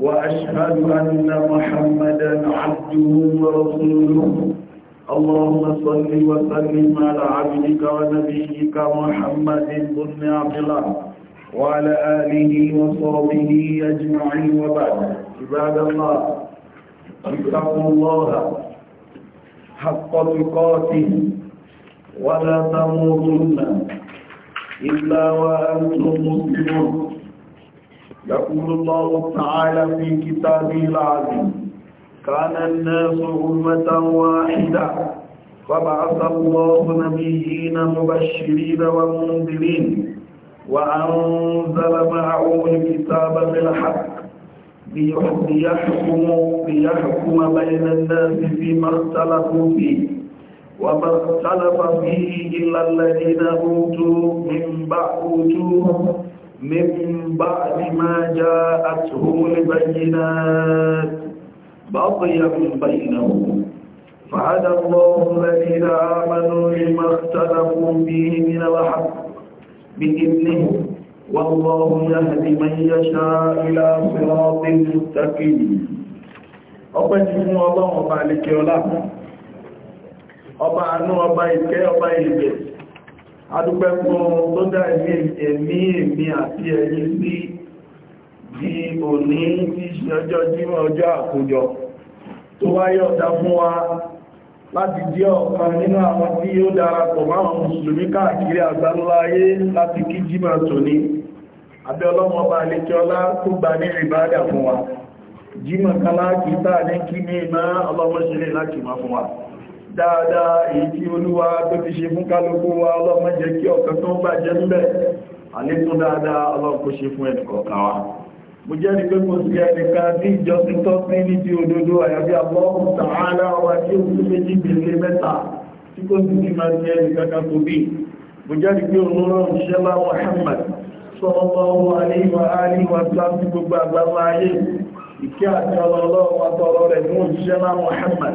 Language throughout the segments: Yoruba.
وأشهد أن محمدا عبده ورسوله اللهم صل وسلم على عبدك ونبيك محمد بن عبد الله وعلى آله وصحبه أجمعين وبعد عباد الله اتقوا الله حق تقاته ولا تموتن إلا وأنتم مسلمون يقول الله تعالى في كتابه العظيم كان الناس أمة واحدة فبعث الله نبيين مبشرين ومنذرين وأنزل معهم الكتاب بالحق ليحكم ليحكم بين الناس فيما اختلفوا فيه وما اختلف فيه إلا الذين أوتوا من بعد أوتوه من بعد ما جاءتهم البينات بغيا بينهم فعد الله الذين آمنوا لما اختلفوا فيه من الحق بإذنه والله يهدي من يشاء إلى صراط مستقيم ọpẹ́ ti fún ọlọ́run ọba àlekẹ́ ọlá ọba àánú ọba ìkẹ́ ọba ìgbẹ̀ adúpẹ́ fún tó dá ẹ̀mí èmi àti ẹ̀yin sí di òní tí ṣe ọjọ́ jímọ̀ ọjọ́ àkójọ tó wáyé ọ̀dá fún wa láti jẹ́ ọ̀kan nínú àwọn tí ó darapọ̀ máwọn mùsùlùmí káàkiri àgbáńláyé láti kí jímọ̀ tòní abẹ́ ọlọ́mọ ọba àlejọ́lá tó gbà ní ìbádà fún wa jímọ̀ kan láti ní kí ní iná ọlọ́mọ ṣe láti máa fún wa dáadáa èyí tí olúwa tó ti ṣe fún kálukú wa ọlọ́mọ jẹ́ kí ọ̀kan tó ń bàjẹ́ ńbẹ̀ àlékún dáadáa ọlọ́run kó ṣe fún ẹnìkọ̀ọ̀kan wa mo jẹ́ ní pé mo sì ẹnìkan ní ìjọsìn tó sí ní ti òdodo àyàbí àbọ́ọ̀kùn tààlà wa tí ó kú méjì gbèsè mẹ́ta tí kò sì ní máa ní ẹnìkan kan Muhammad sallallahu alaihi wa alihi wa sallam gbogbo àgbàlá ayé ìkí àti ọlọ́run àtọ̀rọ̀ rẹ̀ fún ìṣẹ́lá Muhammad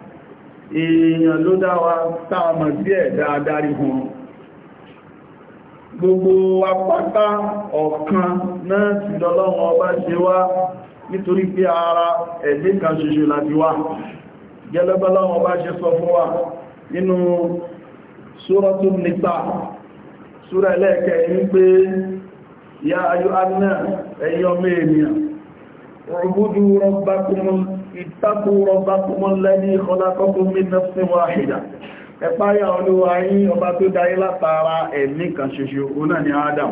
èèyàn ló dáwà táàmà sí ẹ̀dá adarí gbogbo apáta ọ̀kan náà ti lọ́lọ́wọ́ ọba ṣe wá nítorí pé ara ẹ̀dẹ́ kan ṣoṣo láti wá gẹ́lẹ́bọ́lọ́wọ́ ọba ṣe sọ fún wa nínú ṣúrọ́tù ẹlẹ́ẹ̀kẹ́ ń pé ya ayú ẹ̀yọ́ اتقوا ربكم الذي خلقكم من نفس واحدة ẹ̀páyà olúwa yín ọba tó dáyé látara ẹ̀mí kan ṣoṣo ọ̀nà ni adam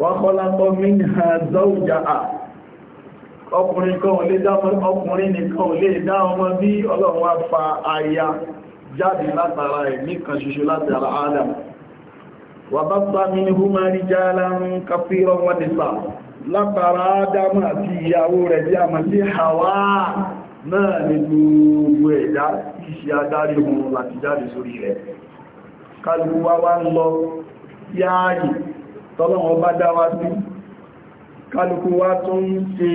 wa khalaqa minha zawjaha ọkùnrin kan lè dá ọkùnrin nìkan lè dá ọmọ bí ọlọ́run wá fa aya jáde látara adam wa bassa minhuma rijalan kathiran wa nisaa látara ádámà àti ìyàwó rẹ̀ bí a mọ̀ sí Hawa náà ni gbogbo ẹ̀dá iṣẹ́ adárí wọn láti jáde sórí rẹ̀ kálùkù wá wá ń lọ yáàyì tọ́lọ́wọ́ bá dáwà sí kálùkù wá tún ń ṣe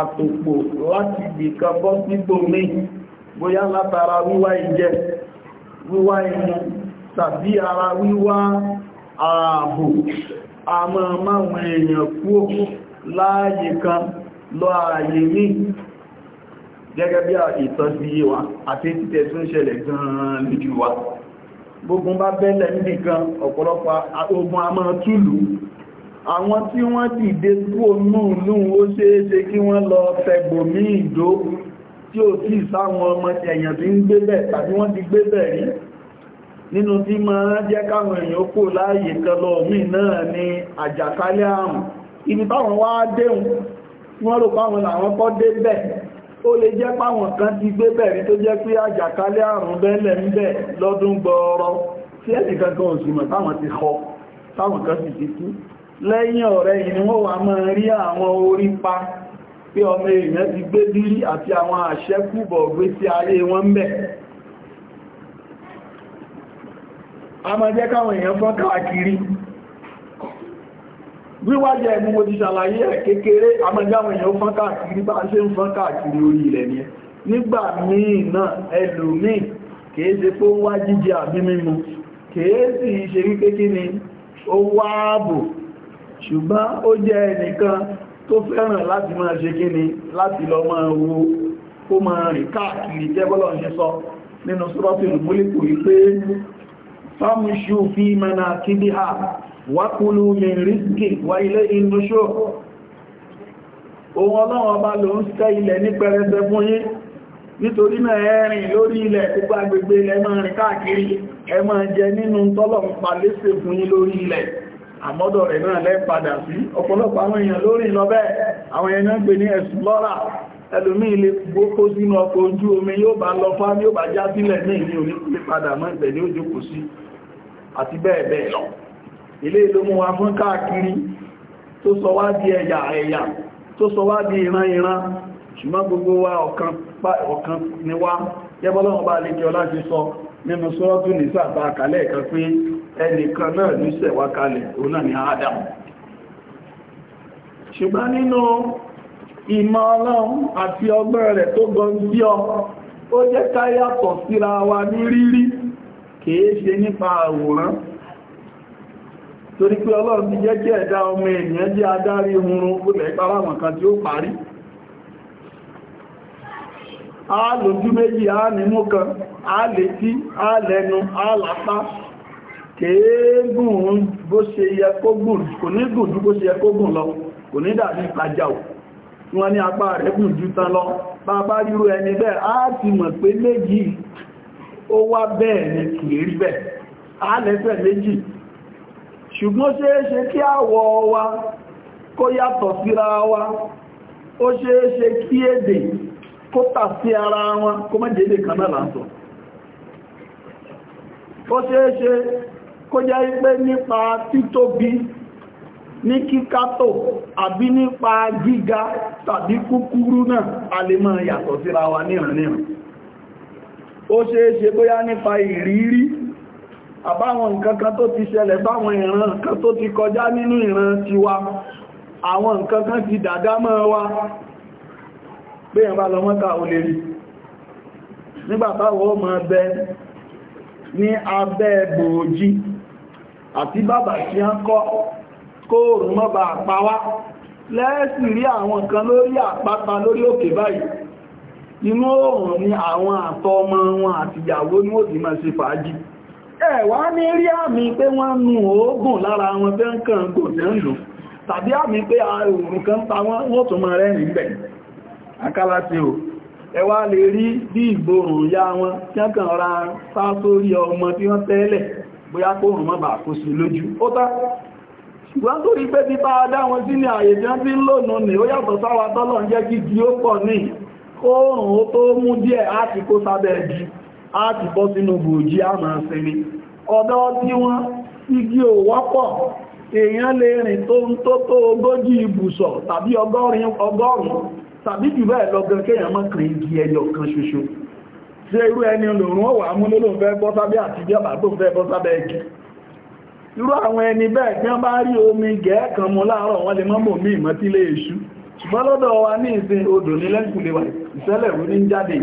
àtòpò láti gbìkan bọ́ sígbò mí bóyá látara wíwá ìjẹ wíwá ìmú tàbí ara wíwá ààbò àmọ́ máwọn èèyàn kú òkú láàyè kan lọ ààyè ní gẹ́gẹ́ bí ìtàn sí yé wa àti títẹ̀ tún ṣẹlẹ̀ gan-an lójú wa gbogbo bá bẹ́lẹ̀ níbi kan ọ̀pọ̀lọpọ̀ ogun a máa túlù àwọn tí wọ́n dìde kúrò núùlú ó ṣeéṣe kí wọ́n lọ fẹ̀gbòmí ìdó tí ó sì sáwọn ọmọ ẹ̀yàn tí ń gbé bẹ̀ tàbí wọ́n ti gbé bẹ̀ rí nínú tí máa jẹ́ káwọn èèyàn kò láàyè kan lọ mí náà ni àjàkálẹ̀ àrùn ibi táwọn wá déhùn wọ́n rò páwọn làwọn kọ́ dé bẹ̀ ó lè jẹ́ páwọn kan ti gbé bẹ̀rí tó jẹ́ pé àjàkálẹ̀ àrùn bẹ́lẹ̀ ń bẹ̀ lọ́dún gbọ́ọ̀rọ̀ tí ẹ̀sì kankan òsùmọ̀ táwọn ti họ táwọn kan sì ti kú lẹ́yìn ọ̀rẹ́ yìí ni wọ́n wà máa rí àwọn orí pa pé ọmọ èèyàn ti gbé dírí àti àwọn àṣẹ́kùbọ̀ gbé sí ayé wọn ń bẹ̀. a máa jẹ́ káwọn èèyàn fọ́n káàkiri wíwájẹ́ ẹ̀mú mo ti ṣàlàyé ẹ̀ kékeré amẹ́jáwọn èèyàn fọ́n káàkiri bá ṣe ń fọ́n káàkiri orí ilẹ̀ ni nígbà míì náà ẹlòmíì kìí ṣe pé ó wá jíjẹ àbí mímu kìí sì ṣe wípé kí ni ó wá ààbò ṣùgbọ́n ó jẹ́ ẹnìkan tó fẹ́ràn láti máa ṣe kí ni láti lọ máa wo kó máa rìn káàkiri jẹ́ bọ́lọ̀ ṣe sọ nínú sọ́rọ́tì ìmúlìkù wípé fámúṣù fi mẹ́nà kídíhà wákúlú mi ríkì wá ilé inú ṣó ohun ọlọ́run ọba ló ń ṣẹ́ ilẹ̀ ní pẹrẹsẹ fún yín nítorí náà ẹ̀rìn lórí ilẹ̀ púpá agbègbè ilẹ̀ máa rìn káàkiri ẹ máa jẹ nínú tọ́lọ̀mù palẹ́sẹ̀ fún yín lórí ilẹ̀ àmọ́dọ̀ rẹ̀ náà lẹ́ padà sí ọ̀pọ̀lọpọ̀ àwọn èèyàn lórí lọ bẹ́ẹ̀ àwọn ilé ìlú mú wa fún káàkiri tó sọ wá di ẹ̀yà ẹ̀yà tó sọ wá di ìran ìran ṣùgbọ́n gbogbo wa ọ̀kan ni wá yẹ́bọ́lọ́wọ́ bá lè jọ láti sọ nínú sọ́rọ́tù ní sàbá kalẹ̀ ẹ̀kan pé ẹnìkan náà ló sẹ̀wá kalẹ̀ òun náà ni Adam ṣùgbọ́n nínú ìmọ̀ ọlọ́run àti ọgbọ́n rẹ̀ tó gan sí ọ ó jẹ́ ká kìí ṣe nípa àwòrán torí pé ọlọ́run ti jẹ́ kí ẹ̀dá ọmọ ènìyàn jẹ́ adárí oòrùn púlẹ̀ ìparáwọn kan tí ó parí a lójú méjì a nímú kan a létí a lẹ́nu a lápá kéégùn bó ṣe yẹ kó gùn kò ní gùn ju bó ṣe yẹ kó gùn lọ kò ní dàbí ìpàjáwò wọ́n ní apá rẹ̀ gùn ju tán lọ bàbá ríru ẹni bẹ́ẹ̀ a ti mọ̀ pé méjì ó wá bẹ́ẹ̀ ni kìí rí bẹ́ẹ̀ a lẹ́sẹ̀ méjì ṣùgbọ́n ṣe é ṣe kí àwọ̀ wa kó yàtọ̀ síra wa ó ṣe é ṣe kí èdè kó tà sí ara wọn kó mọ́ jẹ́dẹ̀ kan náà ó ṣe é ṣe kó jẹ́ pé nípa títóbi ní kíkátò àbí gíga tàbí kúkúrú náà a wa níran níran ó ṣe é ṣe bóyá àbáwọn nǹkan kan tó ti ṣẹlẹ̀ báwọn ìran kan tó ti kọjá nínú ìran tiwa àwọn nǹkan kan ti dàdá mọ́ wa pé ẹ̀mbá lọ mọ́ta ò lè rí nígbàtàwọ̀ ọmọ ẹgbẹ́ ní abẹ́ gbòòjí àti bàbà tí a ń kọ́ kóòrùn mọ́bà àpáwá lẹ́ẹ̀sì rí àwọn kan lórí àpáta lórí òkè báyìí inú oòrùn ni àwọn àtọ́ ọmọ wọn àtìyàwó ní òdìmọ̀ ṣe fàájì ẹ̀wà ní rí àmì pé wọ́n ń nu oògùn lára wọn tẹ́ ń kàn gò tàbí àmì pé oòrùn kan pa wọ́n tún rẹ̀ o ẹwà lè rí bí ìgbòrùn ya wọn tí ra sá ọmọ tí wọ́n tẹ́lẹ̀ bóyá kóòrùn mọ́ bà kó sí lójú ó tá tó rí tí wọ́n A ti bọ́ sínú bòjí á máa sinmi ọ̀dọ́ tí wọ́n igi ò wọ́pọ̀ èèyàn lè rìn tó ń tó tó ogójì ibùsọ̀ tàbí ọgọ́rin ọgọ́rùn tàbí jù bẹ́ẹ̀ lọ́gán kéèyàn má kàn igi ẹyọ kan ṣoṣo ṣe irú ẹni lòrùn ó wà mú lóòrùn fẹ́ bọ́ sábẹ́ àtijọ́ bàbá fẹ́ bọ́ sábẹ́ igi irú àwọn ẹni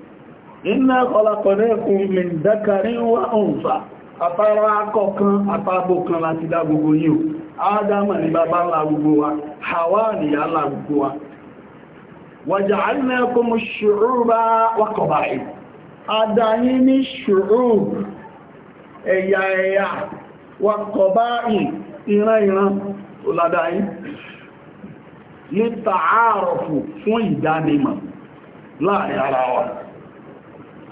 iná ọlákọ̀lẹ́kùn min dákàrí wà ọ̀nfà àtàrà akọ̀kan àtàbò kan láti dá gbogbo yíò ádámà ní bàbá ńlá gbogbo wa gbogbo wa waja'alnakum shu'uba ya qaba'il wa fún láàrin ara wa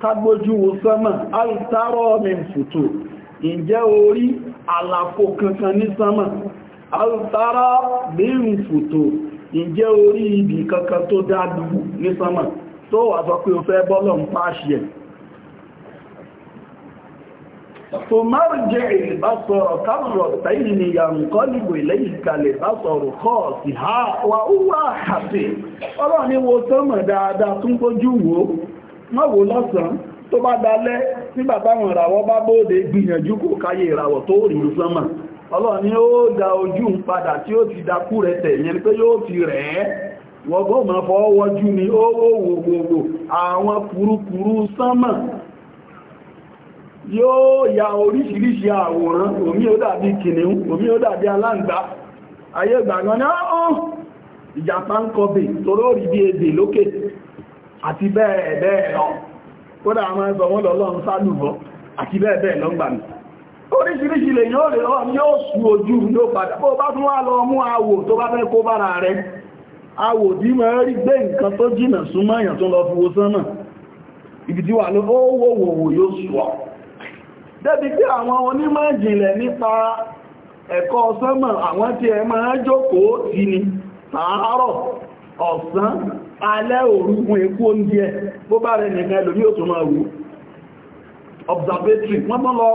kágbójú wo sánmà alìtárọ̀ min fùtù ìjẹ́ orí àlàfo kankan ní sánmà alìtárọ̀ min fùtù ìjẹ́ orí ibi kankan tó dáadù ní sánmà tó wà sọ pé o fẹ́ bọ́lọ̀ ń pàṣẹ tó márùn-ún ìbásọ̀rọ̀ kárọ̀ tàí ni yàǹkọ́lìbò ilẹ̀ ìkàlẹ̀ básọ̀rọ̀ kọ́ sí ha wà ó wà àti ọlọ́ wo sánmà dáadáa tún kójú wo má wò lọ́sàn tó bá dalẹ́ nígbà táwọn ìràwọ̀ bá bóòdé gbìyànjú kò káyé ìràwọ̀ tó rí sánmà ó da ojú ń padà tí ó ti dakú rẹ̀ tẹ̀yẹn yóò ti rẹ̀ ma ni ó wòwòwò àwọn sánmà yóò ya oríṣiríṣi àwòrán omi ó dàbí omi ó dàbí aláǹgbá ayé ìgbàgbọ́n ní ọ́ ìjàpá ń torí àti bẹ́ẹ̀ bẹ́ẹ̀ lọ kódà a máa sọ wọ́n lọ lọ́n sálùbọ́ àti bẹ́ẹ̀ lọ gbà mí oríṣiríṣi lè yóò lè lọ́n yóò sù ojú yóò padà bá tún wá lọ mú àwò tó bá fẹ́ kó bára rẹ̀ tí rí gbé nǹkan tó jìnà lọ fowó ibi tí wà ló ó yóò débi pé àwọn onímọ̀ ìjìnlẹ̀ nípa ẹ̀kọ́ àwọn tí ẹ máa jókòó ní ọ̀sán alẹ́ òrùkún èkú oúnjẹ bó bá rẹ̀ nìkan ẹlòmí ò tó máa wù observatory wọ́n tán lọ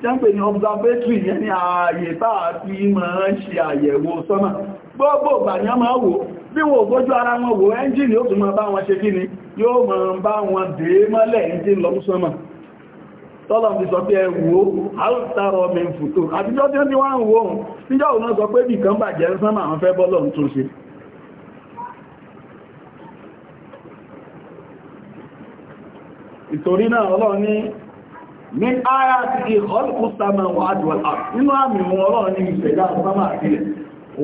ńlá observatory yẹn ni ààyè táà fi máa ń ṣe àyẹ̀wò sọ́nà gbogbo ìgbàyàn máa wò bí wọ́n ara wọn wò ẹ́ńjìnì ó tún máa bá wọn ṣe kí ni yóò máa bá wọn dé mọ́lẹ̀ ìdí tọ́lọ̀ sọ pé mẹ́fù tó sọ pé bàjẹ́ sánmà fẹ́ bọ́lọ̀ ìtorí náà ọlọ́run ní min ara ti di ọlùkúsàmà wà àdúwàlá nínú àmì wọn ọlọ́run ní ìṣẹ̀dá sámà àti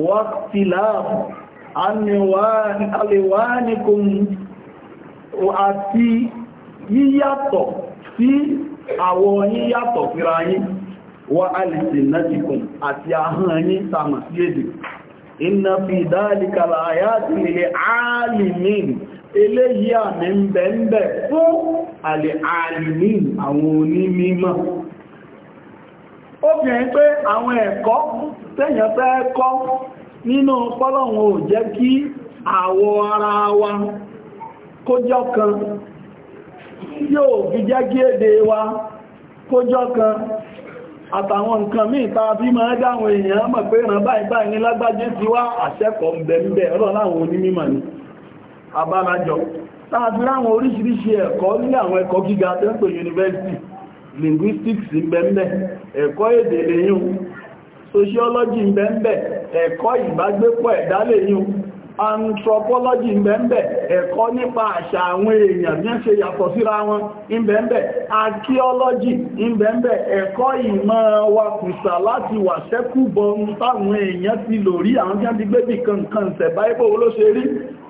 wọ́n ti láàbù àlèwánikùn àti yíyàtọ̀ sí àwọn yíyàtọ̀ fíra wà alìsì náàtìkùn àti ahọ́n yín sàmà sí èdè inna fi dhalika eléyìí àmì ń bẹ ń bẹ fún àlè àlìní àwọn onímímọ̀ ó fi pé àwọn ẹ̀kọ́ tẹ́yàn fẹ́ nínú pọ́lọ̀wọ̀n ò jẹ́ kí àwọ ara wa kójọ kan yóò fi jẹ́ kí èdè wa kójọ kan àtàwọn nǹkan míì tàà bí máa dáwọn èèyàn mọ̀ pé ràn báyìí báyìí ní abárájọ láti àwọn oríṣìíríṣìí ẹ̀kọ́ ní àwọn ẹ̀kọ́ gíga tó university linguistics ẹ̀kọ́ èdè lẹ́yìn sociology ìbẹ̀m̀bẹ̀ ẹ̀kọ́ ìbágbépọ̀ ẹ̀dá lẹ́yìn anthropology ẹ̀kọ́ nípa àṣà àwọn èèyàn ní ṣe yàtọ̀ síra wọn archaeology ẹ̀kọ́ ìmọ̀ wakùsà láti wà sẹ́kù bọ́n táwọn èèyàn ti àwọn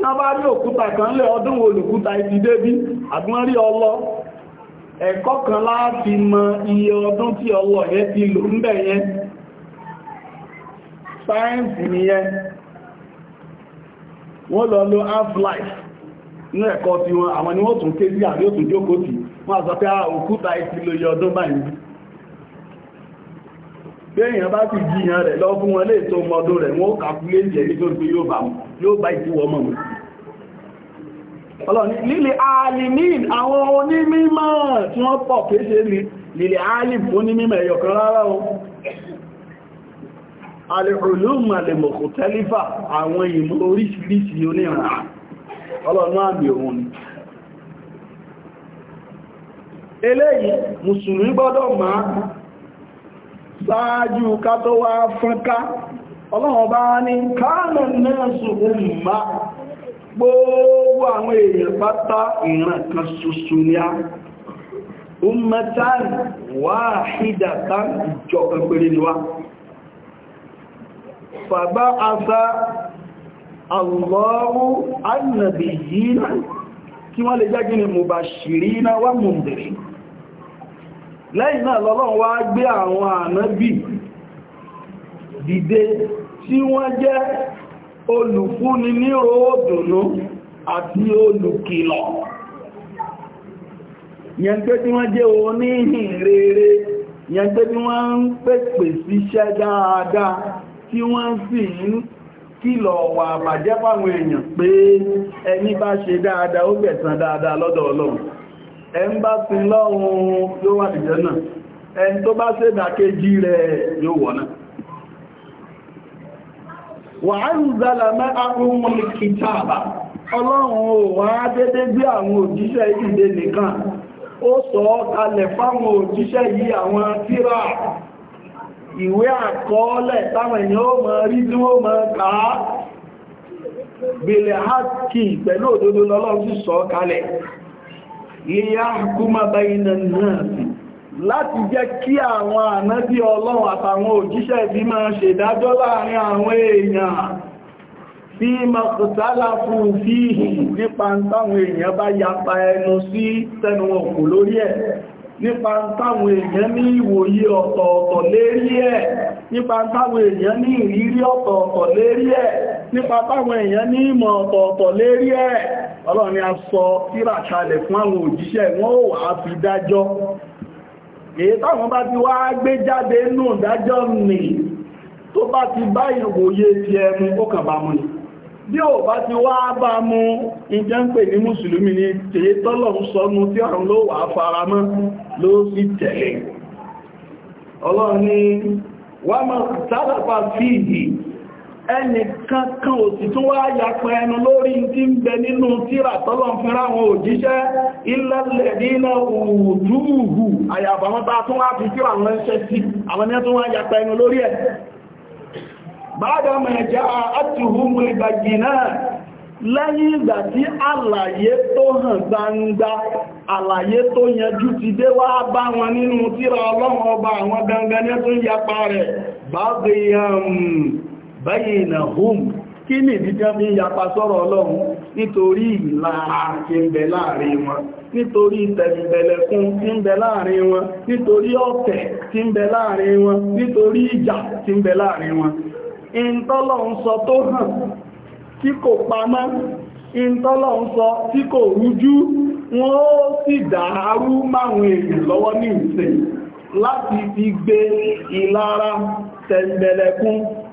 tá bá rí òkúta kan lẹ́ ọdún olùkúta ti débí àgbọ́n rí ọlọ́ ẹ̀kọ́ kan láti mọ iye ọdún tí ọlọ́ yẹn ti lò ń bẹ̀ yẹn ni nìyẹn wọ́n lọ lo half-life ní ẹ̀kọ́ tí wọn àwọn ni wọ́n tún ké sí àrí òtún jókòó wọ́n àsọ pé ah, òkúta ti lò iye ọdún báyìí bí èèyàn bá sì jíyàn rẹ̀ lọ fún wọn lè tó ọmọdún rẹ̀ wọ́n kàkúlé jẹ́ nítorí pé yóò bá wọn yóò bá ìdíwọ̀ ọmọ mú ọlọ́ni lílẹ̀ alimin àwọn onímímọ̀ tí wọ́n pọ̀ kéṣe lílẹ̀ alim fún onímímọ̀ ẹ̀yọ̀kan rárá o alìrùlùmù alìmọ̀kù tẹ́lífà àwọn ìmọ̀ oríṣiríṣi oníran ọlọ́nà àmì òun ni eléyìí mùsùlùmí gbọ́dọ̀ máa ṣáájú ká tó wá fúnká ọlọ́run bá ní káàmù náà gbogbo àwọn èèyàn pátá ìran kan ṣoṣo ní a ummatan wahidatan ìjọ ni wá fàbá asá Allahu annabiyina tí wọ́n lè jẹ́ gíní mubashirina náà wá gbé àwọn dìde tí wọ́n jẹ́ olùfúnni ní ròódùnú àti olùkìlọ̀ yẹn tí wọ́n jẹ́ oníhìn rere yẹn pé tí wọ́n ń pèpè síṣẹ́ dáadáa tí wọ́n sì ń kìlọ̀ wà bàjẹ́ fáwọn èèyàn pé ẹni bá ṣe dáadáa ó gbẹ̀san dáadáa lọ́dọ̀ ọlọ́run ẹ ń bá sin lọ́run yóò wà وَأَنْزَلَ مَعَهُمُ الْكِتَابَ ọlọ́run ò wá dédé gbé àwọn òjíṣẹ́ ìdè nìkan ó sọ ọ́ fáwọn òjíṣẹ́ yìí àwọn tírà ìwé àkọọ́lẹ̀ táwọn èèyàn ó mọ̀ rí ka ya láti jẹ́ kí àwọn ànábí ọlọ́run àtàwọn òjíṣẹ́ bí máa ṣe dájọ́ láàrin àwọn èèyàn tí makùtálà fún fíhì nípa táwọn èèyàn bá yapa ẹnu sí tẹnu ọkù lórí ẹ̀ nípa táwọn èèyàn ní ìwòye ọ̀tọ̀ọ̀tọ̀ lérí ẹ̀ nípa táwọn èèyàn ní ìrírí ọ̀tọ̀ọ̀tọ̀ lérí ẹ̀ nípa táwọn èèyàn ní ìmọ̀ ọ̀tọ̀ọ̀tọ̀ lérí ẹ̀ ọlọ́run ni a sọ tírà kalẹ̀ fún àwọn òjíṣẹ́ wọn ó wà fi dájọ́ èyí táwọn bá ti wá gbé jáde nù dájọ́ nì tó bá ti bá ìròyè ti ẹmu ó kàn bá mú ni bí ò bá ti wá bá mú ìjẹ́ ń pè ní mùsùlùmí ni tèyí tọ́lọ̀ ń sọnù tí ọ̀run ló wà faramọ́ ló sì tẹ̀lé ni wọ́n mọ̀ sábàpá fíìdì ẹnìkan kan òsì tó wá yàpẹ̀ ẹnu lórí tí ń bẹ nínú tírà tọ́lọ̀ fẹ́ra àwọn òjíṣẹ́ ilẹ̀lẹ̀ nínú òdúhù àyàbàmọ́ta tó wá fi tírà àwọn sí àwọn ẹni tó wá ẹnu lórí ẹ̀ bádàmà ẹ̀já àtìhùmù gbangba ti bá nínú baynahum kí ni ìdíjẹ́ fi yapa sọ́rọ̀ ọlọ́run nítorí ilara tí láàrin wọn nítorí tẹ̀sìbẹ̀lẹ̀kún tí láàrin wọn nítorí ọ̀tẹ̀ tí láàrin wọn nítorí ìjà láàrin wọn ìntọ́lọ̀ ń sọ tó hàn tí kò ìntọ́lọ̀ ń sọ tí kò rújú wọ́n ó sì dàárú máwọn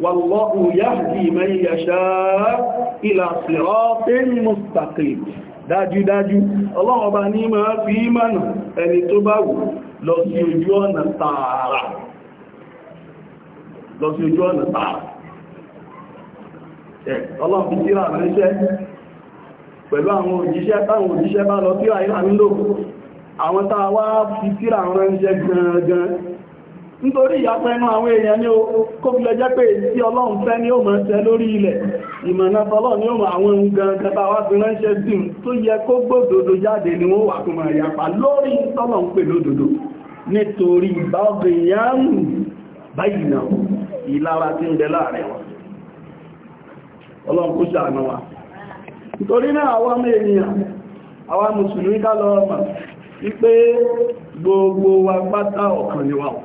والله يهدي من يشاء إلى صراط مستقيم dájú dájú ọlọ́run ọba ní máa fi mọ́nà ẹni tó bá wù lọ sí ojú ọ̀nà tààrà lọ sí ojú ọ̀nà tààrà ẹ̀ ọlọ́run fi tíra ránṣẹ́ pẹ̀lú àwọn òjíṣẹ́ táwọn òjíṣẹ́ bá lọ tíra ìlànà àwọn tàà wá fi tíra ránṣẹ́ gan-an nítorí ìyàpẹ́ inú àwọn èèyàn ní kó jẹ́ pé èyí tí ọlọ́run fẹ́ ní lórí ilẹ̀ ìmọ̀nà tọ́lọ̀ ní àwọn ohun gan tẹta wá fi ránṣẹ́ sí tó yẹ ni wọ́n wà kúmọ̀ ìyàpá lórí tọ́lọ̀ ń pè lódòdó wa àwọn ènìyàn mùsùlùmí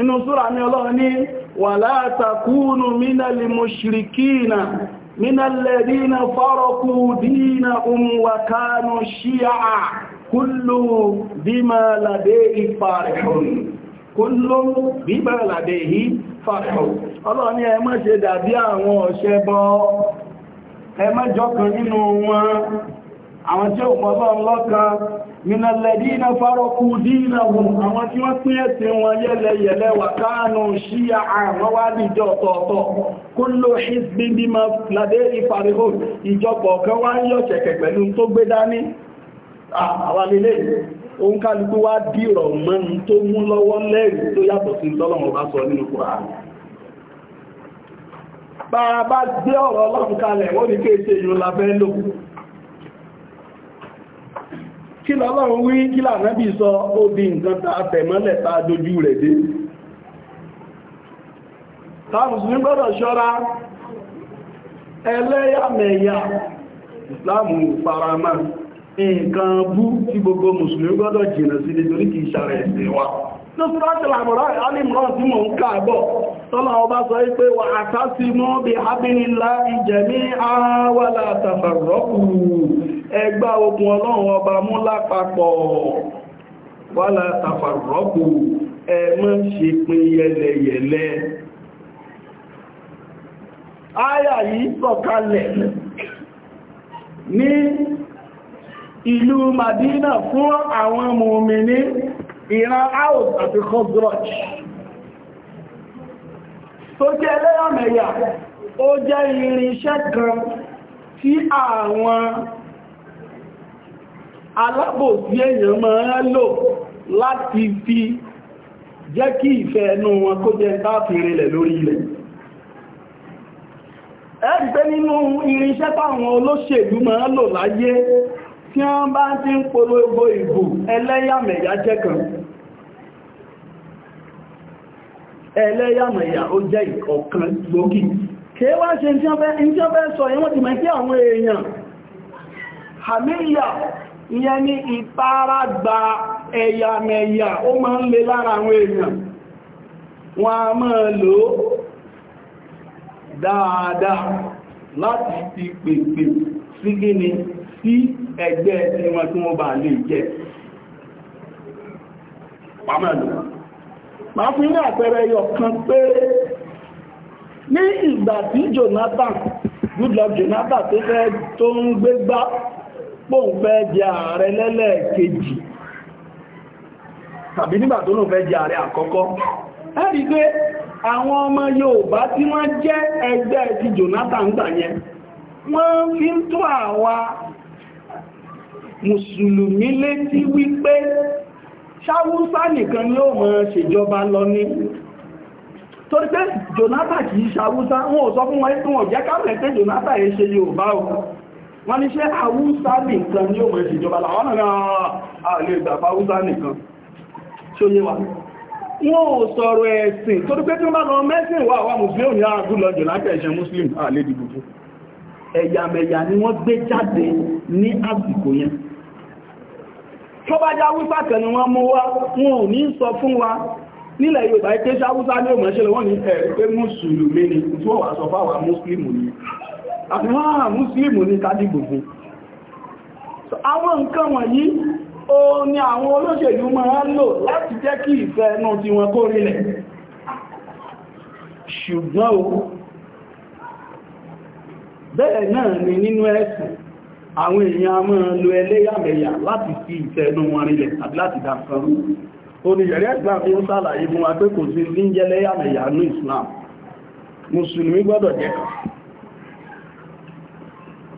inú súra ní ọlọ́run ní wala takunu mínàlì mushrikina mínàlẹ̀dínà faraku dinahum wa kanu shi'a bima ladayhi bima jọkan minalẹ̀dí na fárọkú dínàwó àwọn tí wọ́n pín ẹ̀sìn wọn yẹ́lẹ̀yẹ̀lẹ̀ wà káànù ṣíyà àwọn wá ọ̀tọ̀ọ̀tọ̀ kó ló ṣíṣbí bí ma ládé ìfàríhò ìjọpọ̀ kan wá ń yọ̀ ṣẹ̀kẹ̀ pẹ̀lú tó gbé dání wá kí lọ́lọ́run wí kí lànábì sọ ó di nǹkan tá a tẹ̀mọ́lẹ̀ tá a dojú rẹ̀ dé tá mùsùlùmí gbọ́dọ̀ ṣọ́ra ẹlẹ́yàmẹ̀yà ìsìláàmù farama nǹkan bú tí gbogbo mùsùlùmí gbọ́dọ̀ jìnà sí nítorí kìí ṣàrẹ̀ ẹ̀sẹ̀ wa Tọ́lá ọba sọ wípé wà àtásí mọ́ ẹgbá ogun ọlọ́run ọba mú lápapọ̀ wà látàfà rọ́pù ẹ má ṣe pín yẹlẹyẹlẹ áyà yìí sọ̀kalẹ̀ ní ìlú Madina fún àwọn mùmìnì ìran Aws àti Khazraj tó jẹ́ ẹlẹ́yàmẹ̀yà ó jẹ́ irinṣẹ́ kan tí àwọn alábòsí èèyàn máa ń lò láti fi jẹ́ kí ìfẹ́ ẹnu wọn kó jẹ́ táàfìrí rẹ̀ lórí ilẹ̀ ẹ̀rí pé nínú irinṣẹ́ táwọn olóṣèlú máa ń lò láyé tí wọ́n ti ń polówó ìbò ẹlẹ́yàmẹ̀yà kan ẹlẹ́yàmẹ̀yà ó jẹ́ kìí wá ṣe tí wọ́n fẹ́ sọ yẹn wọ́n ti mẹ́ sí àwọn ìyẹn ní ìtàràgbà ẹ̀yàmẹ̀yà ó máa ń lè lara àwọn èèyàn wọn a máa lo ó dáadáa láti ti pèpè sí gíní sí ẹgbẹ́ tí wọ́n tí wọ́n bá lè jẹ́ pàmẹ́lú máa fún ní àpẹẹrẹ yọ kan pé ní ìgbà tí Jonathan Goodluck Jonathan tó fẹ́ tó gba. póun fẹ́ jẹ ààrẹ lẹ́lẹ́ẹ̀kejì tàbí nígbà tó ló fẹ́ jẹ ààrẹ àkọ́kọ́ ẹ rí pé àwọn ọmọ Yorùbá tí wọ́n jẹ́ ẹgbẹ́ ti Jonathan gbà wọ́n fi ń tó àwa mùsùlùmí létí wípé ṣáwúsá nìkan ni ó mọ́ ṣèjọba lọ ní torí pé Jonathan kìí ṣáwúsá wọn ò sọ fún wọn ọ̀jẹ́ pé Jonathan ṣe wọ́n ní ṣé àwúsá nìkan ní òmìnir ìjọba làwọn náà àlè ìgbàfà àwúsá nìkan tí ó yé wa wọ́n ò sọ̀rọ̀ ẹ̀sìn tó dúpé tí wọ́n bá lọ mẹ́sìn wà wà mùsùlùmí ní àgúlọ́jù láti ẹ̀ṣẹ̀ mùsùlùmí àlè dìbò fún ẹ̀yàmẹ̀yà ni wọ́n gbé jáde ní àsìkò yẹn tó bá já wúsá kan ni wọ́n mú wá wọn ò ní sọ fún wa nílẹ̀ Yorùbá ìkéṣà wúsá ní òmìnir àti wọ́n àwọn múslìmù ní kádìgbò fún àwọn nǹkan wọ̀nyí o ni àwọn olóṣèlú máa ń lò láti jẹ́ kí ìfẹ́ ẹnu ni nínú ẹ̀sìn àwọn èèyàn a máa lo ẹlẹ́yàmẹ̀yà láti fi ìfẹ́ ẹnu wọn rílẹ̀ àti láti dàkanrú oníyẹ̀rẹ́ islam fi ń sàlàyé fún wa pé kò sí ní jẹ́lẹ́yàmẹ̀yà ní islam mùsùlùmí gbọ́dọ̀ jẹ́ kan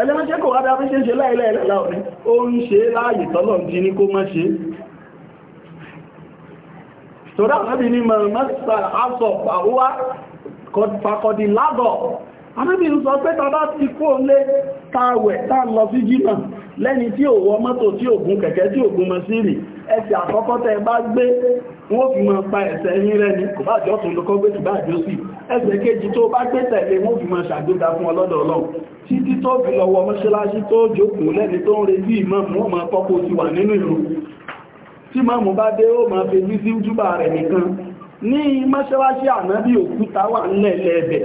ẹlẹ́mẹ́ṣẹ́ kò rádá fi ṣe ṣe láìlẹ́ láòrí ó ń ṣe láàyè tọ́lọ̀ tí ní kó mọ́ ṣe tọ́dá àmẹ́bì ní mọ̀rànmọ́sà àṣọ àwúwá pàkọ̀dì lágọ̀ àmẹ́bì ń sọ pé tọ́dá ti kó lé tààwẹ̀ tá lọ sí jímọ̀ lẹ́ni tí ò wọ mọ́tò tí ò kẹ̀kẹ́ tí ò gùn mọ́ sírì ẹsẹ̀ àkọ́kọ́ tẹ́ bá gbé wọ́n fi máa pa ẹ̀sẹ̀ yín rẹ̀ ní kò bá jọ́ tún lọ́kọ́ gbé tìbá àjọ́ sí ẹsẹ̀ kejì tó bá gbé tẹ̀lé wọ́n fi máa ṣàgbéga fún ọlọ́dọ̀ ọlọ́run títí tó fi lọ wọ mọ́ṣáláṣí tó jókòó lẹ́ni tó ń retí ìmáàmù wọ́n máa kọ́kọ́ ti wà nínú ìrun tí máàmù bá dé ó máa fi ní sí júbà rẹ̀ nìkan ní mọ́ṣáláṣí ànábì òkúta wà nílẹ̀ ẹ̀bẹ̀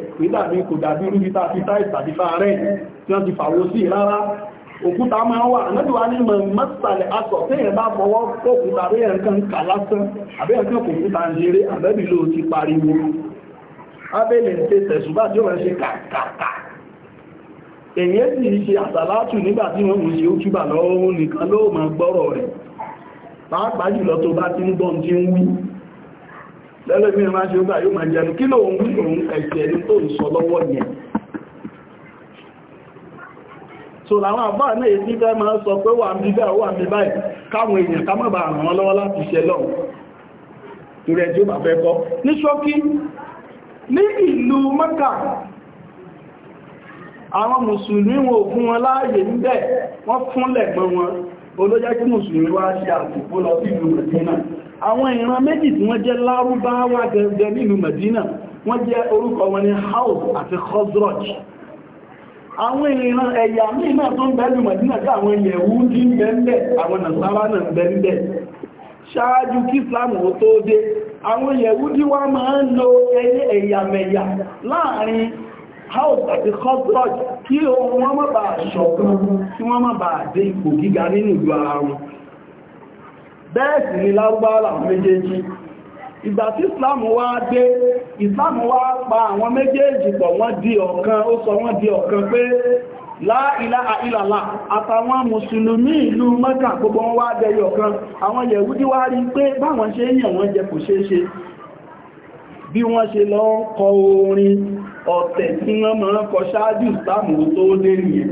òkúta máa wà mẹ́tùwá ní mọ́sàlẹ̀ asọ̀ tí èyàn bá fọwọ́ òkúta bí èyàn kan kà lásán àbí èyàn kan òkúta ń ṣeré àbẹ́bì ló ti pariwo abẹ́lẹ̀ ń tẹ́ tẹ̀sùbá tí ó rẹ̀ ṣe kàkàkà èyàn sì ń ṣe àsàlátù nígbà tí wọ́n ń ṣe ó túbà lọ́wọ́ nìkan ló so làwọn àbá náà èsì fẹ́ máa sọ pé wà ní bẹ́ẹ̀ wà ní báyìí káwọn èèyàn ká mọ̀bà ràn wọ́n lọ́wọ́ láti ṣe lọ torí ẹjọ́ bà fẹ́ kọ́ ní ṣókí ní ìlú Mẹ́kà àwọn mùsùlùmí wọn ò fún wọn láàyè níbẹ̀ wọ́n fúnlẹ̀ gbọ́n wọn olóyá kí mùsùlùmí wá ṣe àtìkó lọ sí ìlú Mẹ̀dínà àwọn ìran méjì àwọn èèyàn ẹ̀yà míì náà tó ń bẹ́lú mọ̀dínà ká àwọn yẹ̀wú ní bẹ́ẹ̀ àwọn nàṣàrá náà bẹ́ẹ̀ ṣáájú kí Islam ó tó dé àwọn yẹ̀wú dí wá máa ń lo ẹ̀yàmẹ̀yà láàrin house àti cosmos kí ohun wọ́n má bàa ṣọ̀kan kí wọ́n má bàa dé ipò gíga nínú ìlú ara wọn bẹ́ẹ̀ sì ni lágbára méjèèjì ìgbà tí Islam wá dé Islam wá pa àwọn méjèèjì pọ̀ wọ́n di ọ̀kan ó sọ wọ́n di ọ̀kan pé láìlá àìlàlá àtàwọn mùsùlùmí ìlú Mẹ́kà gbogbo wọn wá dẹyọ kan àwọn Yẹ̀húdí wá rí pé báwọn ṣe yàn wọ́n jẹ kò ṣeé ṣe bí wọ́n ṣe lọ kọ orin ọ̀tẹ̀ tí wọ́n mọ̀ kọ ṣáájú ìsìlámù tó lé nìyẹn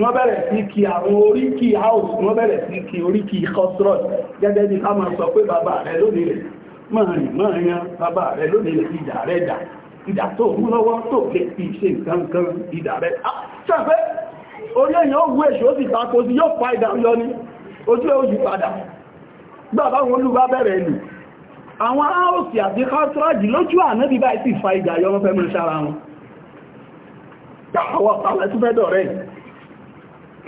wọ́n bẹ̀rẹ̀ sí kí àwọn oríkì house wọ́n bẹ̀rẹ̀ sí kí oríkì cosrod gẹ́gẹ́ bí ká máa sọ pé bàbá rẹ̀ lónìí rẹ̀ mọ́rin mọ́rin bàbá rẹ̀ lónìí ìdà rẹ̀ dà ìdà tó mú lọ́wọ́ tó lè fi ṣe nǹkan kan ìdà rẹ̀ ah, ṣẹ́fẹ́ orí èyàn wú èṣù ó sì tako sí yóò pa ìdà yọ ní ojú ẹ̀ òjì padà bàbá wọn olúwa bẹ̀rẹ̀ ìlú àwọn áòsì àti káàtúrájì lójú àná bíbá ìsì fa ìdà yọ wọn fẹ́ mú sára wọn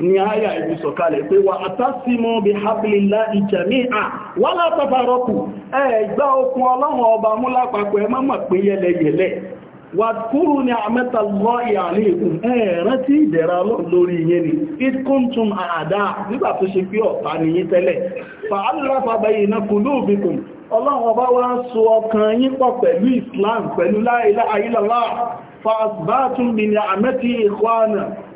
ni àyà ibi sọ̀kalẹ̀ pé wà àtàsímọ̀ bí hábìlìlá ìjẹ̀míà wà látàfàrọ́kù ẹgbà okùn ọlọ́run ọba mú lápapọ̀ ẹ mọ́mọ̀ pé yẹlẹyẹlẹ wà kúrú ní àmẹ́ta lọ ìyàlẹ́kùn ẹ̀ẹ̀rẹ́ tí ìdẹ̀ra lori ni ìkúntùm àdá nígbà tó ṣe pé ọ̀tá nìyí tele fàálàfàbẹ̀yìn náà na òbíkùn ọlọ́run ọba wá so ọkàn yín pọ̀ pẹ̀lú islam pẹ̀lú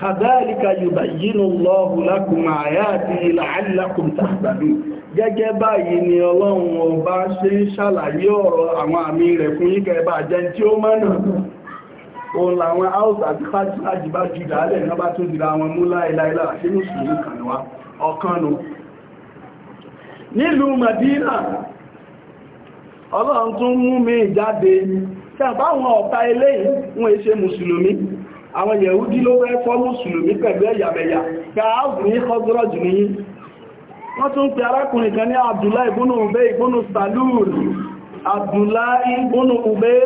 كذلك يبين الله لكم ayatihi la'allakum tahtadun gẹ́gẹ́ báyìí ni ọlọ́run ọba ṣe ń ṣàlàyé ọ̀rọ̀ àwọn àmì rẹ̀ fún yíkẹ́ bá jẹ́ tí ó mọ́nà òun làwọn house àti fájì bá jù dálẹ̀ náà bá tó dìra wọn mú láìláìlá àti mùsùlùmí àwọn yẹ̀húdí ló fẹ́ fọ́ mùsùlùmí pẹ̀lú ẹ̀yàmẹ̀yà gba áàbùnrin kọ́gọ́rọ̀jù ní wọ́n tún pè arákùnrin kan ní Abdullahi ibn Ubay ibn Salul Abdullahi ibn Ubay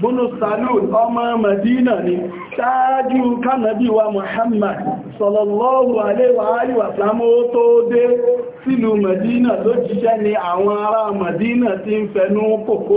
ibn Salul ọmọ Madina ni ṣáájú kánàbí wa Muhammad sallallahu alaihi wa alihi wa sallam ó tó dé sílùú Madina ló jíṣẹ́ ni àwọn ará Madina ti ń fẹnu kòkó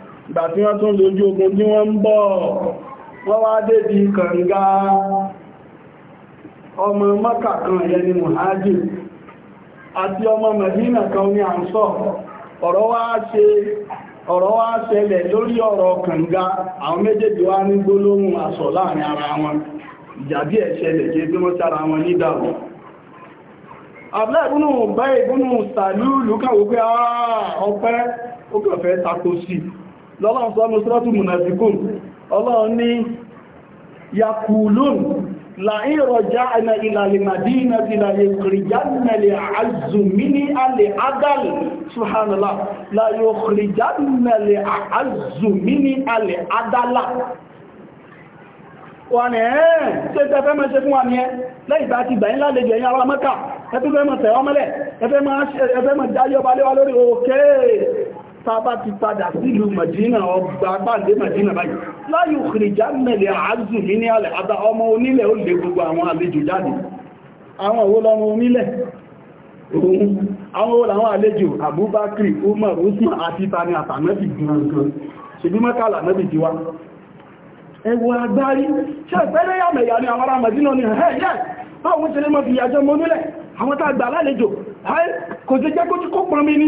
ìgbà tí wọ́n tún lójú ogun tí wọ́n ń bọ̀ wọ́n wá dé di kànga ọmọ Mẹ́kà kan yẹn ni àti ọmọ mẹ̀línà kan ní àǹsọ́ ọ̀rọ̀ wá ṣẹlẹ̀ lórí ọ̀rọ̀ kànga àwọn méjèèjì wá ní gbólóhùn àṣọ láàrin ara wọn ẹ̀ṣẹlẹ̀ wọ́n lọ́lọ́run sọ́nà sọ́tù mùnàfikún ọlọ́run ní yakulun láì rọjá ẹ̀nà ìlàlẹ̀ madina ti láyé kìrìjánẹ̀lẹ̀ àzùmíní alẹ̀ adal ṣùhánàlá láyé kìrìjánẹ̀lẹ̀ àzùmíní alẹ̀ adala wà ní ẹ̀ẹ́ tí ẹ fẹ́ mọ́ ṣe fún wa ní ẹ lẹ́yìn bá ti gbẹ̀yìn lálejò ẹ̀yìn tàbá ti padà sílùú Mẹ̀dínà ọgbà gbàǹdé Mẹ̀dínà báyìí láyò kìrìjà mẹ́lẹ̀ àázù mí ní alẹ̀ àbá ọmọ onílẹ̀ ó lè gbogbo àwọn àlejò jáde àwọn òwò lọmọ onílẹ̀ òun àwọn òwò làwọn àlejò Abubakar Umar Usman àti tani àtànẹ́bì gbọ̀ngàn ṣèbí mọ́kànlá nẹ́bì ti wá ẹwọ agbárí ṣe ìpẹ́lẹ̀ yàmẹ̀yà ni àwọn ará Mẹ̀dínà ni ẹ̀ yẹ́ báwọn ṣe lè mọ́ fi yàjọ mọ́ nílẹ̀ àwọn tàgbà lálejò kò jẹ́ jẹ́ kó tí kó pọnmi ní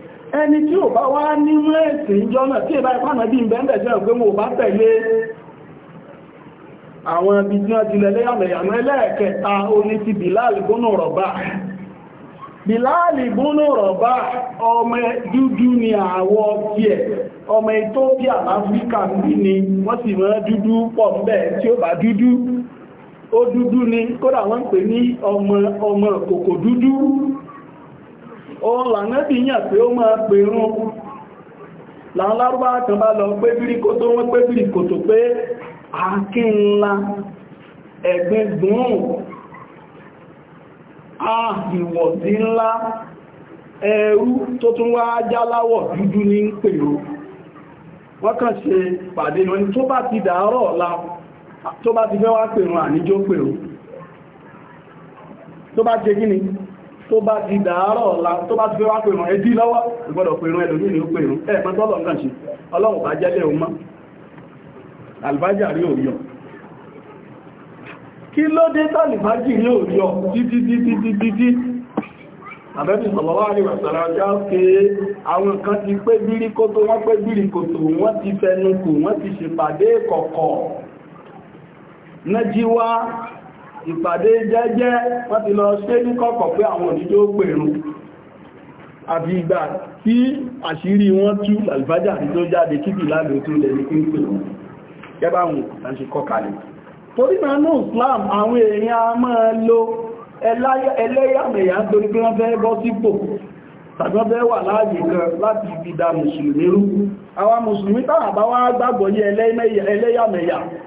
ẹni tí ò bá wá ní mẹ́ẹ̀sì ìjọ náà tí ìbá ìpánà bí ìbẹ̀ẹ̀bẹ̀ jẹ́ pé mo bá tẹ̀lé àwọn ibi tí wọ́n ti lẹ́lẹ́ àmẹ́yàmẹ́ ẹlẹ́ẹ̀kẹta oní ti Bilal bónú rọ̀bá Bilal bónú rọ̀bá ọmọ dúdú ni àwọ̀ tiẹ̀ ọmọ Ethiopia láfíríkà ní ni wọ́n sì mọ́ dúdú pọ̀ mbẹ̀ tí ó bá dúdú ó dúdú ni kódà wọ́n pè ní ọmọ ọmọ kòkò dúdú òun lànẹ́bì yàn pé ó máa pè rún láwọn kan bá lọ pé bíríkòtò wọ́n pé pe pé àákí ńlá ẹ̀gbin gbùn ààbìwọ̀dí ńlá ẹ̀rú tó tún wá jáláwọ̀ dúdú ní pèrò wọ́n kàn ṣe pàdé tó bá ti dàárọ̀ ọ̀la tó bá ti fẹ́ wá pèrò àníjó pèrò tó bá tó bá di dàárọ̀ ọ̀la tó bá ti fẹ́ wá pèrún ẹjí lọ́wọ́ ìgbọ́dọ̀ pèrún ẹlòmí ni ó pèrún ẹ̀ẹ̀kan tọ́lọ̀ nǹkan ṣe ọlọ́run bá jẹ́lẹ̀ òun mọ́ àlùbájàrí ò yọ kí ló dé tàlùbájì ní òyọ títí títí títí tí àbẹ́bí sọ̀lọ́wọ́ àríwà sàrájá pé àwọn kan ti pé bírí kótó wọ́n pé bírí kòtò wọ́n ti fẹnukù wọ́n ti ṣèpàdé kọ̀kọ̀ nájíwá ìpàdé jẹ́jẹ́ wọ́n ti lọ ṣe ní kọ̀kọ̀ pé àwọn òdíjó pèrún àti ìgbà tí àṣírí wọn tú làlìfájà tí tó jáde kíkì láàrín tó lẹ̀ ní pínpé kẹbàrún àti kọkàlẹ̀ torí náà ní Islam àwọn èèyàn a máa lo ẹlẹ́yàmẹ̀yà torí pé wọ́n fẹ́ bọ́ sípò tàbí wọ́n fẹ́ wà láàyè kan láti ibi da mùsùlùmí rú àwọn mùsùlùmí táwọn àbáwá gbàgbọ́ yẹ ẹlẹ́yàmẹ̀yà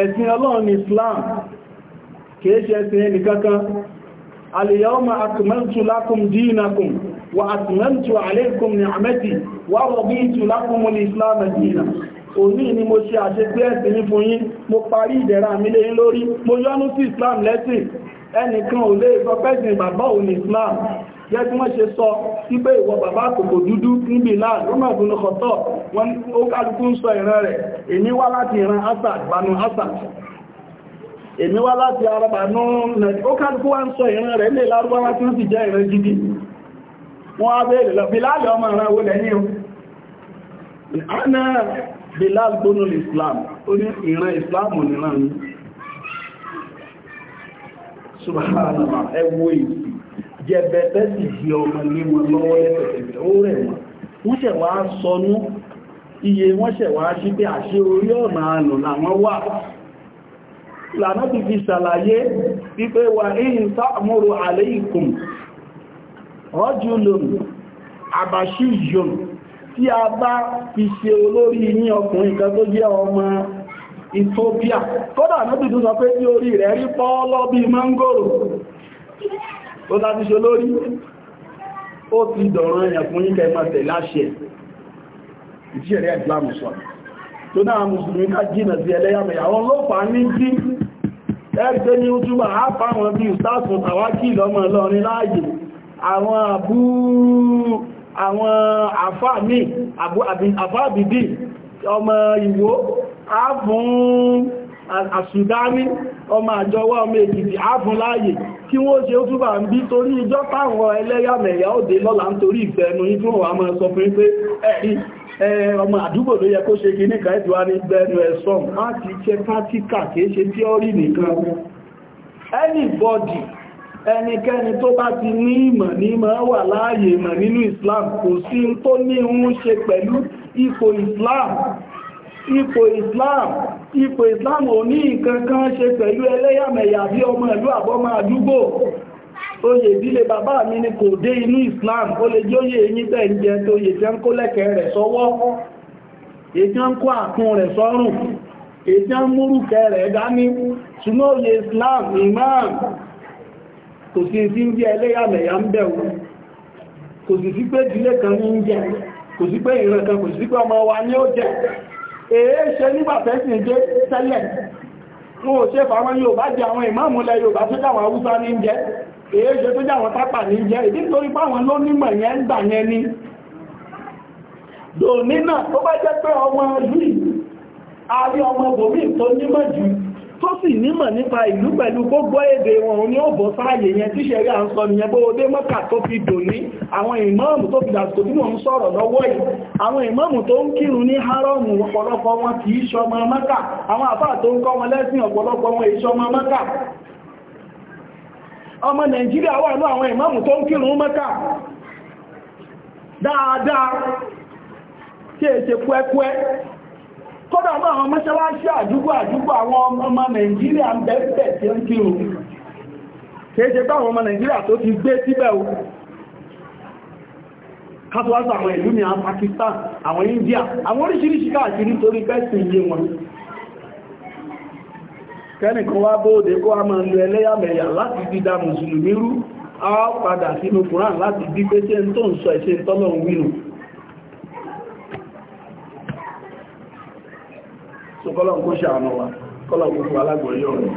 ẹ̀sìn ọlọ́run ní Islam kìí ṣe ẹ̀sìn ẹni kankan al-yawma akmaltu lakum dinakum wa atmamtu alaykum ni'mati wa raditu lakum al-islam dinan òní ni mo ṣe àṣepé ẹ̀sìn yín fún yín mo parí ìdẹ̀ra mi lé lórí mo yọ́nú sí Islam lẹ́sìn ẹnìkan ò lè sọ pẹ́sìn bàbá òun Islam jẹ́ tí wọ́n ṣe sọ wípé ìwọ bàbá kòkò dúdú níbi náà lọ́nà ìbúnú kọ̀tọ̀ wọ́n ó kálukú ń sọ ìran rẹ̀ èmi wá láti ìran Asad banu Asad èmi wá láti ara banu ó kálukú wá ń sọ ìran rẹ̀ lè lárúbáwá tí wọ́n sì jẹ́ ìran gidi wọ́n á bèèrè lọ Bilal ọmọ Bilal gbónú Islam, ó ní Islam nìran Subhanallah, ẹwọ́ ìsì. jẹbẹtẹ́ sì ọmọ wọn lọ́wọ́ rẹ̀ wọn wọ́n ṣẹ̀ wá sọnú iye wọ́n ṣẹ̀ wá sí pé àṣẹ orí ọ̀nà àlò làwọn wà lànà ti fi ṣàlàyé wípé wà ní ta'muru alaykum rajulun abashiyyun tí a bá ọmọ Ethiopia kódà náà ti tún sọ pé tí orí mangoro ó láti ṣe lórí ó ti dọ̀rọ̀ èèyàn fún yíkẹ́ máa tẹ̀ láṣẹ ìjíẹ̀rẹ́ ìgbàmù sọ tó náà mùsùlùmí ká jìnà sí ẹlẹ́yàmẹ̀yà wọn ló fà ní jí ẹgbẹ́ ní ojúbà á fáwọn bí ìsáàsùn tàwákì lọ́mọ lọ́rin láàyè àwọn àbú àwọn àfáàmì àfáàbìdì ọmọ ìwó á fún àsùdámí ọmọ àjọwọ́ ọmọ èkìtì á fún láàyè kí wọ́n ṣe ó túbà ń bí torí ìjọ táwọn ẹlẹ́yàmẹ̀yà òde lọ́la ń torí ìfẹ́ ẹnu fún sọ fún pé ẹ̀rí ọmọ àdúgbò ló yẹ kó ṣe kí níkà ní gbẹnu ẹ̀sọ́m láti ṣe pátíkà kìí ṣe nìkan ẹnikẹ́ni tó ní ìmọ̀ Islam kò sí tó ní ń Islam ipò islam ipò islam ò ní nǹkan kan ṣe pẹ̀lú ẹlẹ́yàmẹ̀yà bí ọmọ ìlú àbọ́mọ àdúgbò oyè ìdílé bàbá mi ni kò dé inú islam ó lè jẹ́ oyè yín tẹ́ ń jẹ tó yè tí ó ń kó lẹ́kẹ̀ẹ́ rẹ̀ sọ́wọ́ èyí tí ń kó àkún rẹ̀ sọ́rùn èyí tí ń múrùkẹ́ rẹ̀ dání ṣùgbọ́n oyè islam imam kò sí sí ń jẹ́ ẹlẹ́yàmẹ̀yà ń bẹ̀wò kò sì sí pé ìdílé kan ń jẹ kò sí pé ìran kan kò sí pé ọmọ wa ni ó jẹ èé ṣe nígbà tẹ́sìn dé tẹ́lẹ̀ wọn ò ṣe fàwọn Yorùbá jẹ àwọn ìmáàmù ilẹ̀ Yorùbá tó dáwọn Haúsá ní jẹ́ èé ṣe tó dáwọn tápà ní jẹ́ ìdí torí fáwọn ló nímọ̀ yẹn gbà yẹn ni dòní náà tó bá jẹ́ pé ọmọ ìlú àrí ọmọ bòmí tó tó sì nímọ̀ nípa ìlú pẹ̀lú gbogbo èdè wọn ní ọ̀bọ̀ sáàyè yẹn tí ṣẹ̀rí à ń sọ nìyẹn bó odé mọ́kà tó fi dò ní àwọn ìmọ́ọ̀mù tó fi dàsìkò tí sọ̀rọ̀ lọ́wọ́ yìí àwọn ìmọ́ọ̀mù tó ń kírun ní ọ̀pọ̀lọpọ̀ kódà náà àwọn mọ́ṣáláṣí àdúgbò àdúgbò àwọn ọmọ nàìjíríà ń bẹ̀rẹ̀ tí ó ń kí o kìí ṣe bá àwọn ọmọ nàìjíríà tó ti gbé síbẹ̀ o kátọ́wàsá àwọn ìlú ní Pakistan àwọn India àwọn oríṣiríṣi káàkiri torí pẹ́sì iye wọn kẹ́nìkan wá bóòdé kó a máa lo ẹlẹ́yàmẹ̀yà láti dídá mùsùlùmí rú a padà sínú Kùrán láti bí pé ṣe ń tó so kọ́lọ̀ kó ṣàánú wa kọ́lọ̀ kó fún alágbọ̀ọ́yọ̀ rẹ̀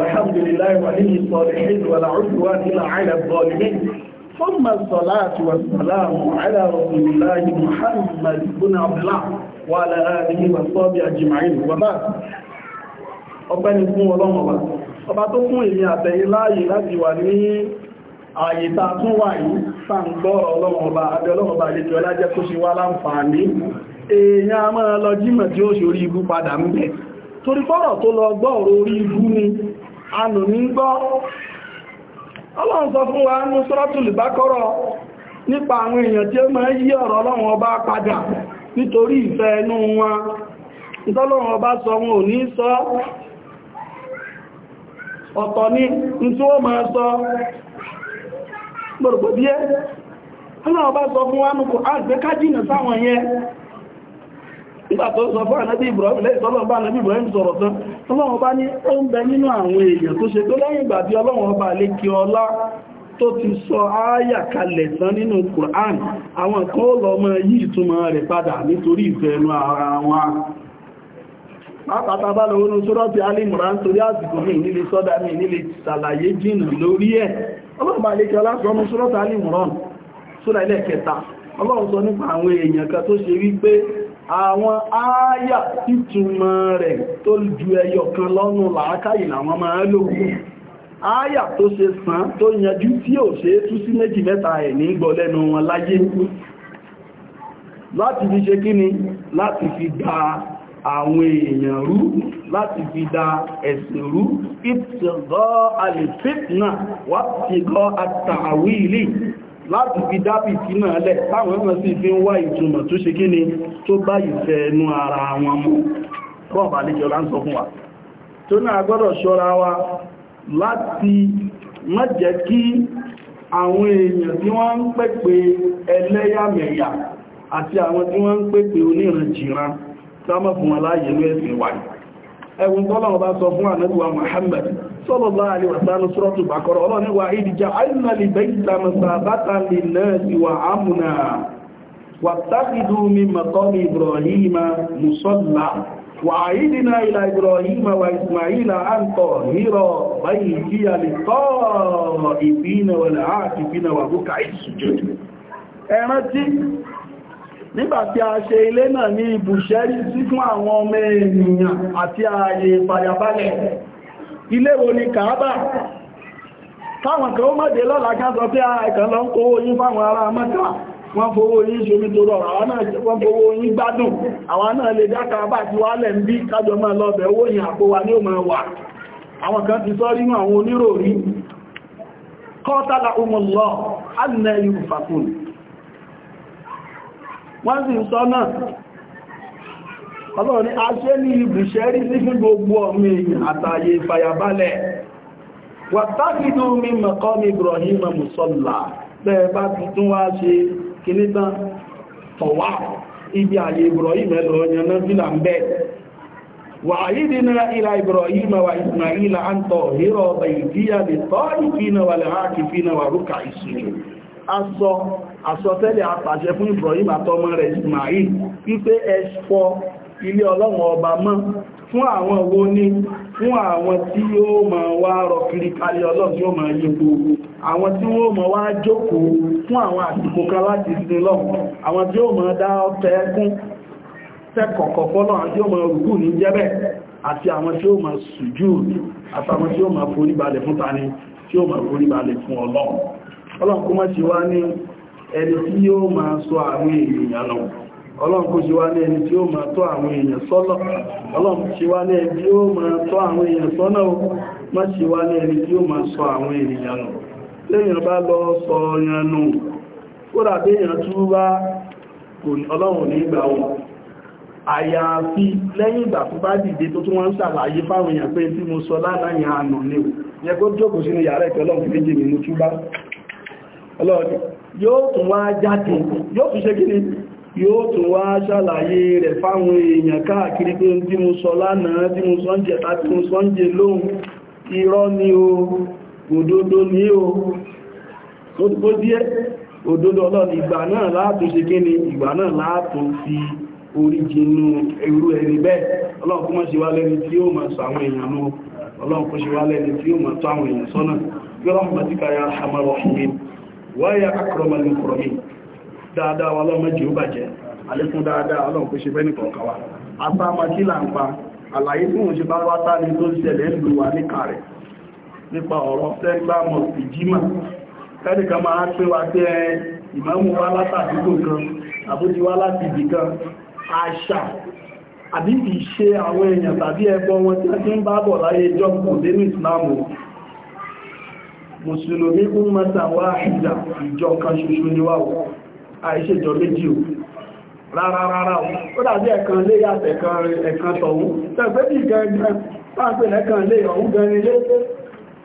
الحمد لله ولي الصالحين ولا عدوان إلا على الظالمين ثم الصلاة والسلام على رسول الله محمد بن عبد الله وعلى آله وصحبه أجمعين وبعد ọpẹ́ ni fún ọlọ́run ọba ọba tó fún èmi àtẹ̀yí láàyè láti wà ní àyíta tún wà yìí sàǹgbọ́ ọba abẹ́ ọba a máa a sọ bá nípa àwọn èèyàn tí ó máa yí ọ̀rọ̀ ọlọ́run ọba padà nítorí ìfẹ́ n'uwa wọn ìtọ́lọ́run ọba sọ wọn ò ní sọ ọ̀tọ̀ ní tí ó sọ gbọ́rùgbọ́ díẹ̀ ọlọ́run ọba sọ fún wa nùkù àgbẹ́ kájínà sáwọn yẹn nígbà tó sọ fún ànábì Ibrahim lẹ́yìn bá sọ̀rọ̀ tán ọlọ́run ní ó ń ọba lè kí tó ti sọ ááyà kalẹ̀ tán nínú Qur'an àwọn kan ó lọ mọ́ yí ìtumọ̀ rẹ̀ padà nítorí ìfẹ́nu ara wọn pápátá lọ orí sọ́rọ́tí alìmọ̀rán torí àsìkò mi nílé sọ́dá mi nílé ṣàlàyé jìnà lórí ẹ̀ ọlọ́pàá lè kẹ́lá sọ́nà sọ́rọ́tí alìmọ̀rán sọ́dá ilẹ̀ kẹta ọlọ́run sọ nípa àwọn èèyàn kan tó ṣe wípé àwọn ááyà títúmọ̀ rẹ̀ tó ju ẹyọ kan lọ́nù làákàyè làwọn máa lókùn ááyà tó ṣe sàn tó yanjú tí ò ṣe tú sí méjì mẹ́ta ẹ̀ ní gbọ́ lẹ́nu wọn láyé láti fi ṣe kíni láti fi dá àwọn èèyàn rú láti fi dá ẹ̀sìn rú ìtìgọ́ alìfitna wà ti gọ́ àtàwí ilé láti fi dábì tí náà lẹ̀ táwọn ẹ̀mọ̀ sí fi ń wá ìtumọ̀ tó ṣe kíni tó bá ìfẹ́ ẹnu ara wọn mú bọ́ọ̀bà lè fún wa tó náà gbọ́dọ̀ ṣọ́ra wa láti má jẹ́ kí àwọn èèyàn tí wọ́n ń pèpè ẹlẹ́yàmẹ̀yà àti àwọn tí wọ́n ń pèpè oníranjìran sámọ́ fún aláyé ló ẹ̀sìn wà ẹ̀wùn tọ́lọ́wọ́ bá sọ fún ànábíwá Muhammad sallallahu alaihi wasallam suratul wa وعيدنا إلى إبراهيم وإسماعيل أن طهر بيتي للطائفين والعاكفين وركع السجود ẹ̀rántí nígbàtí a ṣe ilé náà ní sí fún àwọn ọmọ ènìyàn àti ààyè ìfàyàbálẹ̀ ilé wo ni kàábà táwọn kan ó lọ́la kí a sọ pé a ah, ẹ̀kàn lọ ń kó oyún fáwọn ará mọ́ta wọ́n fowó yín ṣe nítorọ̀ awa fowó yín gbádùn àwọn náà lè dáka bá ti wá lẹ̀ ń bí kájọ máa lọ́bẹ̀ owó yìn àpò wa ní òmọ̀ wà àwọn kan ti sọ rínú àwọn oníròrí Kọtala umùlọ annà yìí fàkùn wọ́n sì sọ náà ọlọ́run ni a ṣe ní Ibrahim musalla bẹ́ẹ̀ bá ti wá ṣe kìíní tán tọ̀wá ibi àyè Ibrahim ẹ̀lọ ọ̀yànná fílà ń bẹ́ wà àyídí náà ìlà Ibrahim wà Ismaila à ń tọ̀ hírọ̀ ọ̀bẹ̀ ìdíyà lè tọ́ ìfínà wà lè háàkì fínà wà fún àwọn wo ni fún àwọn tí yóò máa wá rọ kiri kalẹ̀ ọlọ́run máa yí gbogbo àwọn tí wọ́n mọ̀ wá jókòó fún àwọn àsìkò láti sin lọ àwọn tí ó mọ̀ dá ọ̀tẹ́ ẹkún tẹ́kọ̀ọ̀kọ̀ àti ó mọ̀ rùkú ní jẹ́bẹ̀ àti àwọn tí ó mọ̀ sùjú tí ó mọ̀ foríbalẹ̀ fún tani tí ó mọ̀ foríbalẹ̀ fún Ọlọ́run sọ tí ó ní tí ó téèyàn bá lọ sọ ọ̀yàn nù kódà téèyàn bá ọlọ́run ní ìgbà wọn àyàfi lẹ́yìn ìgbà tó bá dìde tó tún wọ́n ń fáwọn èèyàn pé tí mo sọ láàrín ànà o sínú yóò tún wá ṣàlàyé fáwọn èèyàn káàkiri pé tí sọ lánàá tí sọ ń sọ ń òdodo ní o tó ti kó díẹ̀ òdodo ọlọ́ni ìgbà náà látún ṣe kí ni ìgbà náà látún fi orí jinú irú ẹni bẹ́ẹ̀ ọlọ́run kó má ṣe wá lẹ́ni tí ó máa sọ àwọn èèyàn náà ọlọ́run kó ṣe wá lẹ́ni tí ó máa tọ́ àwọn èèyàn sọ́nà برحمتك يا ارحم الراحمين ويا اكرم المكرمين dáadáa wa lọ́mọ jí ó bàjẹ́ àlékún dáadáa ọlọ́run kó ṣe fẹ́ni kọ̀ọ̀kan wa asáàmà kí là ń pa àlàyé fún òṣèbáwátá ni tó ṣẹlẹ̀ ń lù wà ní kààrẹ̀ nípa ọ̀rọ̀ sẹ́gbà mọ̀ sí jímà kẹ́nìkan máa pé wa pé ẹ ìmáàmù wá látàdúgbò kan àbójú wá láti ibì kan àṣà àbí ìṣe àwọn èèyàn tàbí ẹgbọ́ wọn tí wọ́n ti ń bá bọ̀ láyé ìjọ kò nínú ìsìláàmù mùsùlùmí kún mẹ́ta wá ìjà ìjọ kan ṣoṣo níwáwọ̀ àìṣèjọ méjì o rárá rárá o ó dàbí ẹ̀kan lé yàtẹ̀kan ẹ̀kan tọ̀hún tẹ̀gbẹ́bì gẹ̀ẹ́gẹ́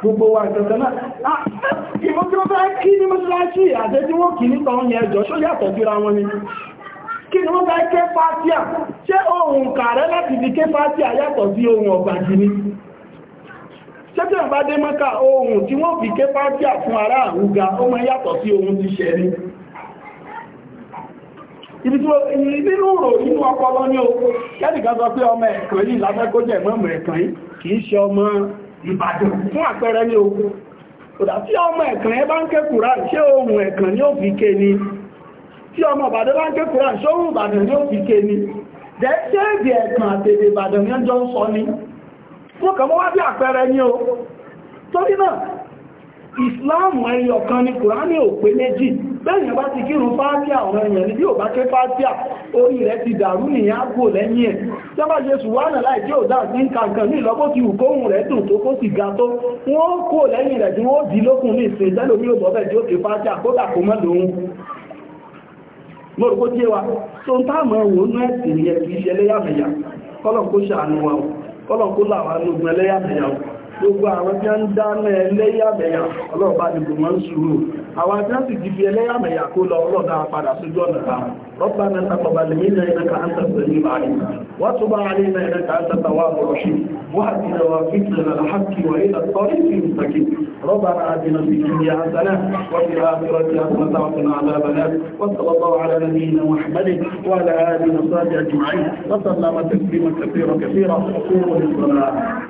gbogbo wa ìtẹ̀tẹ̀ náà ah, ìwọ́n tí wọ́n bá kí ní mọ́síláṣí àtẹ́jú wọ́n kì nípa oúnjẹ ẹjọ́ ṣó yàtọ̀ jùra wọn ni kí ni wọ́n bá ké fátíà ṣé ohun kààrẹ́ láti fi ké fátíà yàtọ̀ sí ohun ọ̀gbàjì ni ṣẹ́tẹ̀ bá dé mọ́ká ohun tí wọ́n fi ké fátíà fún ará àrúga ó mọ́ yàtọ̀ sí ohun ti ṣẹ̀ ni ibi tí nínú rò nínú ọpọlọ ní o kẹ́nìkan sọ pé ọmọ ẹ̀kàn yìí lábẹ́kójẹ̀ mọ́mọ̀ ẹ̀kàn yìí kìí ṣe ọmọ Ìbàdàn fún àpẹẹrẹ ní ogun kódà tí ọmọ ẹ̀kàn ẹ bá ń ké Kùránì ṣé ohun ẹ̀kàn ní òfin ké ni tí ọmọ Ìbàdàn bá ń ké Kùránì ṣé ohun Ìbàdàn ní òfin ké ni jẹ́ ṣé èdè ẹ̀kàn àtèdè Ìbàdàn ní ọjọ́ ń sọ ni wọ́n kàn mọ́ wá bí àpẹẹrẹ ní o torí bẹ́yìn bá ti kírun fáátíà àwọn èèyàn ní bí ò bá ké fáátíà orí rẹ̀ ti dàrú nìyàn àgbò lẹ́yìn ẹ̀ tí wọ́n ṣe ṣùwánà láì tí ò dáa sí nǹkan ní ìlọ́pọ̀ ti wù kóhùn rẹ̀ dùn tó kó sì ga tó wọ́n kó lẹ́yìn rẹ̀ tí wọ́n dì lókun ní ìsìn tẹ́lómi ò bọ́bẹ̀ wa tó ń gbogbo àwọn tí ó ń dáná ẹlẹ́yàmẹ̀yà ọlọ́ọ̀bá dìbò mọ́ ń sùúrù àwọn tí wọ́n sì ti fi ẹlẹ́yàmẹ̀yà kó lọ ọlọ́dá padà sójú ọ̀nà ربنا تقبل منا انك انت السميع العليم وتب علينا انك انت التواب الرحيم واهدنا وافتنا للحق والى الطريق المستقيم ربنا اتنا في الدنيا حسنه وفي الاخره حسنه وقنا عذاب النار وصلى الله على نبينا محمد وعلى اله وصحبه اجمعين وسلم تسليما كثيرا كثيرا قوموا للصلاه